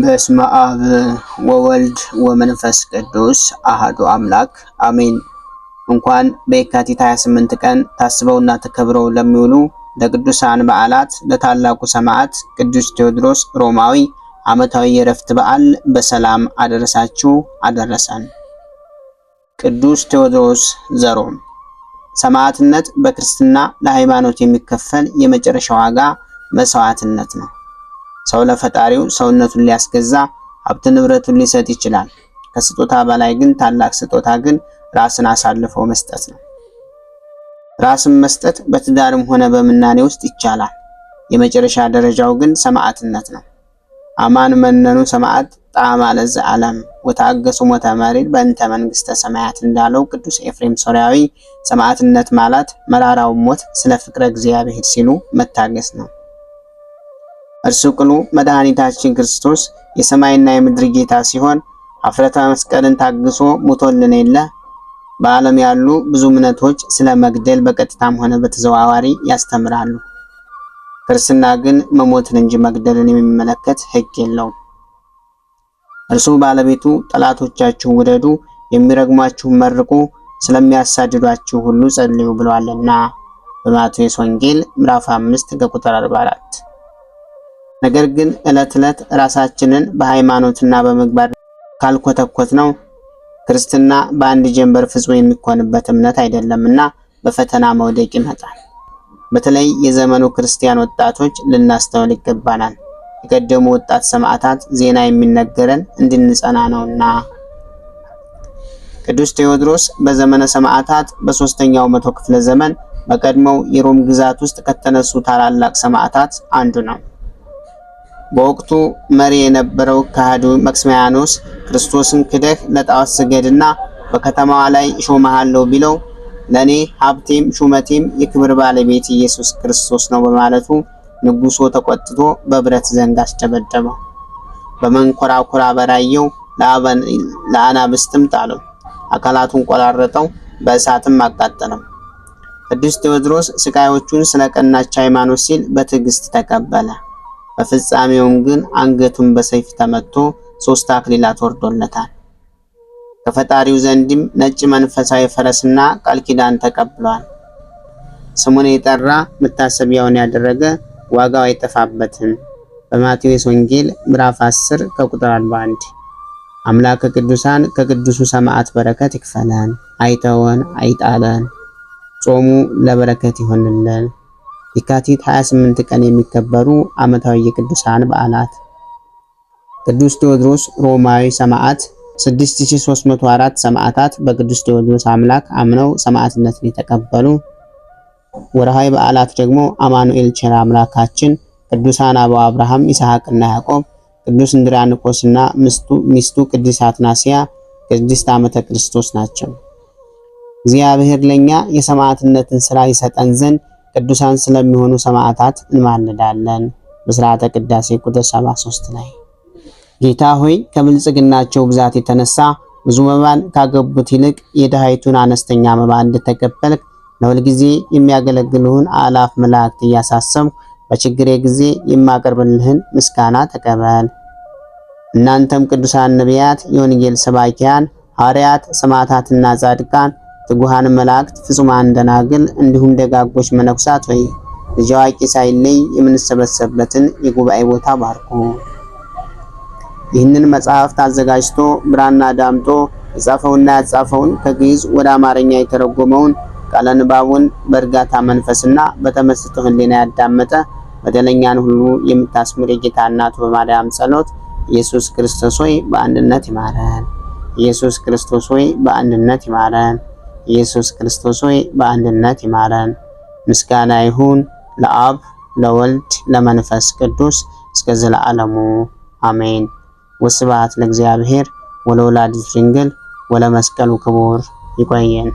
በስመ አብ ወወልድ ወመንፈስ ቅዱስ አሃዱ አምላክ አሜን። እንኳን በየካቲት 28 ቀን ታስበውና ተከብረው ለሚውሉ ለቅዱሳን በዓላት ለታላቁ ሰማዕት ቅዱስ ቴዎድሮስ ሮማዊ ዓመታዊ የእረፍት በዓል በሰላም አደረሳችሁ አደረሰን። ቅዱስ ቴዎድሮስ ዘሮም ሰማዕትነት በክርስትና ለሃይማኖት የሚከፈል የመጨረሻ ዋጋ መስዋዕትነት ነው። ሰው ለፈጣሪው ሰውነቱን ሊያስገዛ ሀብት ንብረቱን ሊሰጥ ይችላል። ከስጦታ በላይ ግን ታላቅ ስጦታ ግን ራስን አሳልፎ መስጠት ነው። ራስን መስጠት በትዳርም ሆነ በምናኔ ውስጥ ይቻላል። የመጨረሻ ደረጃው ግን ሰማዕትነት ነው። አማን መነኑ ሰማዕት ጣም ለዘ ዓለም ወታገሱ ሞተ መሪር በእንተ መንግስተ ሰማያት እንዳለው ቅዱስ ኤፍሬም ሶርያዊ ሰማዕትነት ማለት መራራውን ሞት ስለ ፍቅረ እግዚአብሔር ሲሉ መታገስ ነው። እርሱ ቅሉ መድኃኒታችን ክርስቶስ የሰማይና የምድር ጌታ ሲሆን አፍረተ መስቀልን ታግሶ ሙቶልን የለ። በዓለም ያሉ ብዙ እምነቶች ስለ መግደል በቀጥታም ሆነ በተዘዋዋሪ ያስተምራሉ። ክርስትና ግን መሞትን እንጂ መግደልን የሚመለከት ሕግ የለውም። እርሱ ባለቤቱ ጠላቶቻችሁ ውደዱ፣ የሚረግሟችሁ መርቁ፣ ስለሚያሳድዷችሁ ሁሉ ጸልዩ ብሏልና በማቴዎስ ወንጌል ምዕራፍ 5 ከቁጥር 44 ነገር ግን ዕለት ዕለት ራሳችንን በሃይማኖትና በምግባር ካልኮተኮት ነው ክርስትና በአንድ ጀንበር ፍጹም የሚኮንበት እምነት አይደለምና በፈተና መውደቅ ይመጣል። በተለይ የዘመኑ ክርስቲያን ወጣቶች ልናስተውል ይገባናል። የቀደሙ ወጣት ሰማዕታት ዜና የሚነገረን እንድንጸና ነውና። ቅዱስ ቴዎድሮስ በዘመነ ሰማዕታት በሶስተኛው መቶ ክፍለ ዘመን በቀድሞው የሮም ግዛት ውስጥ ከተነሱ ታላላቅ ሰማዕታት አንዱ ነው። በወቅቱ መሪ የነበረው ካህዱ መክስሚያኖስ ክርስቶስን ክደህ ለጣዖት ስገድና በከተማዋ ላይ እሾምሃለሁ ቢለው ለእኔ ሀብቴም ሹመቴም የክብር ባለቤት ኢየሱስ ክርስቶስ ነው በማለቱ ንጉሶ ተቆጥቶ በብረት ዘንግ አስደበደበው። በመንኮራኩራ በራየው ለአናብስትም ጣለው። አካላቱን ቆራረጠው፣ በእሳትም አቃጠለው። ቅዱስ ቴዎድሮስ ስቃዮቹን ስለ ቀናች ሃይማኖት ሲል በትዕግስት ተቀበለ። በፍጻሜውም ግን አንገቱን በሰይፍ ተመቶ ሶስት አክሊላት ወርዶለታል። ከፈጣሪው ዘንድም ነጭ መንፈሳዊ ፈረስና ቃል ኪዳን ተቀብሏል። ስሙን የጠራ መታሰቢያውን ያደረገ ዋጋው አይጠፋበትም። በማቴዎስ ወንጌል ምዕራፍ 10 ከቁጥር 41። አምላከ ቅዱሳን ከቅዱሱ ሰማዕት በረከት ይክፈለን፣ አይተወን፣ አይጣለን። ጾሙ ለበረከት ይሆንልን። የካቲት 28 ቀን የሚከበሩ ዓመታዊ የቅዱሳን በዓላት ቅዱስ ቴዎድሮስ ሮማዊ ሰማዕት 6304 ሰማዕታት በቅዱስ ቴዎድሮስ አምላክ አምነው ሰማዕትነትን የተቀበሉ። ወርሃዊ በዓላት ደግሞ አማኑኤል ቸር አምላካችን፣ ቅዱሳን አበው አብርሃም፣ ይስሐቅና ያዕቆብ፣ ቅዱስ ምስቱ ሚስቱ ቅድስት አትናስያ፣ ቅድስት ዓመተ ክርስቶስ ናቸው። እግዚአብሔር ለኛ የሰማዕትነትን ስራ ይሰጠን ዘንድ ቅዱሳን ስለሚሆኑ ሰማዕታት እንማልዳለን። በስርዓተ ቅዳሴ ቁጥር 73 ላይ ጌታ ሆይ ከብልጽግናቸው ብዛት የተነሳ ብዙ መባን ካገቡት ይልቅ የድሃይቱን አነስተኛ መባ ለሁል ለሁልጊዜ የሚያገለግልህን አላፍ መላእክት እያሳሰብኩ በችግሬ ጊዜ የማቀርብልህን ምስጋና ተቀበል። እናንተም ቅዱሳን ነቢያት፣ የወንጌል ሰባኪያን ሐዋርያት፣ ሰማዕታትና ጻድቃን ትጉሃን መላእክት ፍጹማን ደናግል እንዲሁም ደጋጎች መነኩሳት ሆይ ልጅ አዋቂ ሳይለይ የምንሰበሰብበትን የጉባኤ ቦታ ባርኩ። ይህንን መጽሐፍት አዘጋጅቶ ብራና ዳምጦ የጻፈውና ያጻፈውን ከግዕዝ ወደ አማርኛ የተረጎመውን ቃለ ንባቡን በእርጋታ መንፈስና በተመስጦ ሕሊና ያዳመጠ በደለኛን ሁሉ የምታስምር የጌታ እናቱ በማርያም ጸሎት ኢየሱስ ክርስቶስ ሆይ በአንድነት ይማረን። ኢየሱስ ክርስቶስ ሆይ በአንድነት ይማረን። ኢየሱስ ክርስቶስ ሆይ በአንድነት ይማረን። ምስጋና ይሁን ለአብ ለወልድ ለመንፈስ ቅዱስ እስከ ዘለዓለሙ አሜን። ወስብሐት ለእግዚአብሔር ወለወላዲቱ ድንግል ወለመስቀሉ ክቡር። ይቆየን።